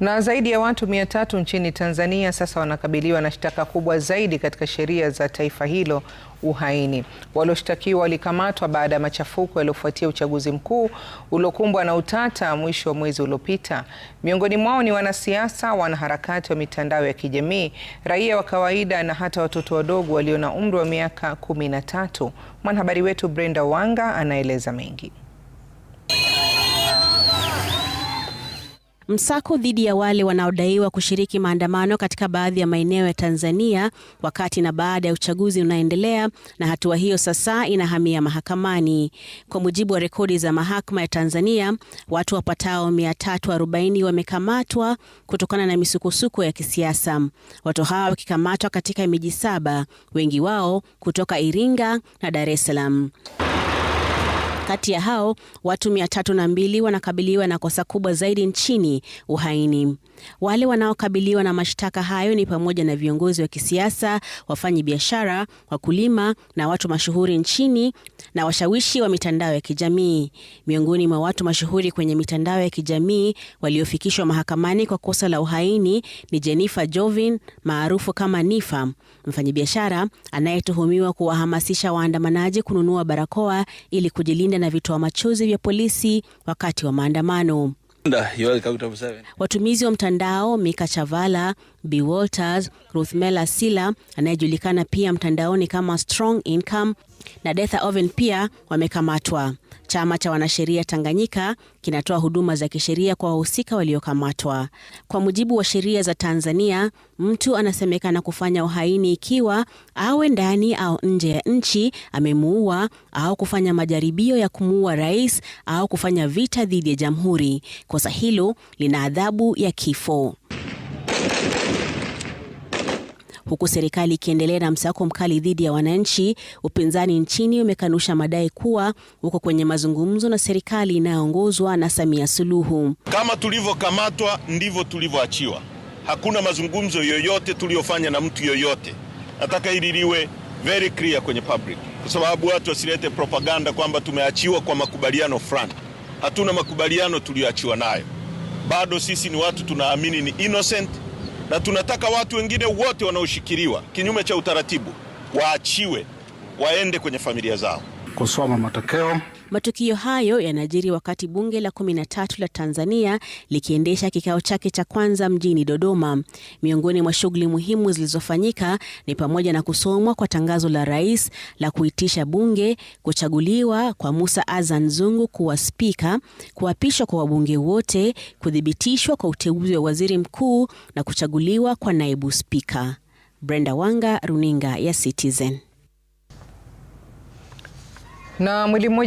Na zaidi ya watu mia tatu nchini Tanzania sasa wanakabiliwa na shtaka kubwa zaidi katika sheria za taifa hilo, uhaini. Walioshtakiwa walikamatwa baada ya machafuko yaliyofuatia uchaguzi mkuu uliokumbwa na utata mwisho wa mwezi uliopita. Miongoni mwao ni wanasiasa, wanaharakati wa mitandao ya kijamii, raia wa kawaida na hata watoto wadogo walio na umri wa miaka kumi na tatu. Mwanahabari wetu Brenda Wanga anaeleza mengi. Msako dhidi ya wale wanaodaiwa kushiriki maandamano katika baadhi ya maeneo ya Tanzania wakati na baada ya uchaguzi unaendelea na hatua hiyo sasa inahamia mahakamani. Kwa mujibu wa rekodi za mahakama ya Tanzania, watu wapatao 340 wamekamatwa kutokana na misukosuko ya kisiasa. Watu hawa wakikamatwa katika miji saba, wengi wao kutoka Iringa na Dar es Salaam. Kati ya hao watu mia tatu na mbili wanakabiliwa na kosa kubwa zaidi nchini, uhaini. Wale wanaokabiliwa na mashtaka hayo ni pamoja na viongozi wa kisiasa, wafanyi biashara, wakulima na watu mashuhuri nchini na washawishi wa mitandao ya kijamii. Miongoni mwa watu mashuhuri kwenye mitandao ya kijamii waliofikishwa mahakamani kwa kosa la uhaini ni Jennifer Jovin maarufu kama Nifa, mfanyabiashara anayetuhumiwa kuwahamasisha waandamanaji kununua barakoa ili kujilinda na vitoa machozi vya polisi wakati wa maandamano. Watumizi wa mtandao Mika Chavala, B Walters, Ruthmela Sila anayejulikana pia mtandaoni kama Strong Income na Detha Oven pia wamekamatwa. Chama cha wanasheria Tanganyika kinatoa huduma za kisheria kwa wahusika waliokamatwa. Kwa mujibu wa sheria za Tanzania, mtu anasemekana kufanya uhaini ikiwa awe ndani au nje ya nchi amemuua au kufanya majaribio ya kumuua rais au kufanya vita dhidi ya jamhuri. Kosa hilo lina adhabu ya kifo huku serikali ikiendelea na msako mkali dhidi ya wananchi. Upinzani nchini umekanusha madai kuwa uko kwenye mazungumzo na serikali inayoongozwa na Samia Suluhu. Kama tulivyokamatwa ndivyo tulivyoachiwa. Hakuna mazungumzo yoyote tuliyofanya na mtu yoyote. Nataka hili liwe very clear kwenye public, kwa sababu watu wasilete propaganda kwamba tumeachiwa kwa makubaliano fulani. Hatuna makubaliano tuliyoachiwa nayo. Bado sisi ni watu tunaamini ni innocent na tunataka watu wengine wote wanaoshikiliwa kinyume cha utaratibu waachiwe waende kwenye familia zao. Kusoma matokeo Matukio hayo yanajiri wakati bunge la 13 la Tanzania likiendesha kikao chake cha kwanza mjini Dodoma. Miongoni mwa shughuli muhimu zilizofanyika ni pamoja na kusomwa kwa tangazo la rais la kuitisha bunge, kuchaguliwa kwa Musa Azan Zungu kuwa spika, kuapishwa kwa wabunge wote, kuthibitishwa kwa uteuzi wa waziri mkuu na kuchaguliwa kwa naibu spika. Brenda Wanga, Runinga ya Citizen. Na mwili mmoja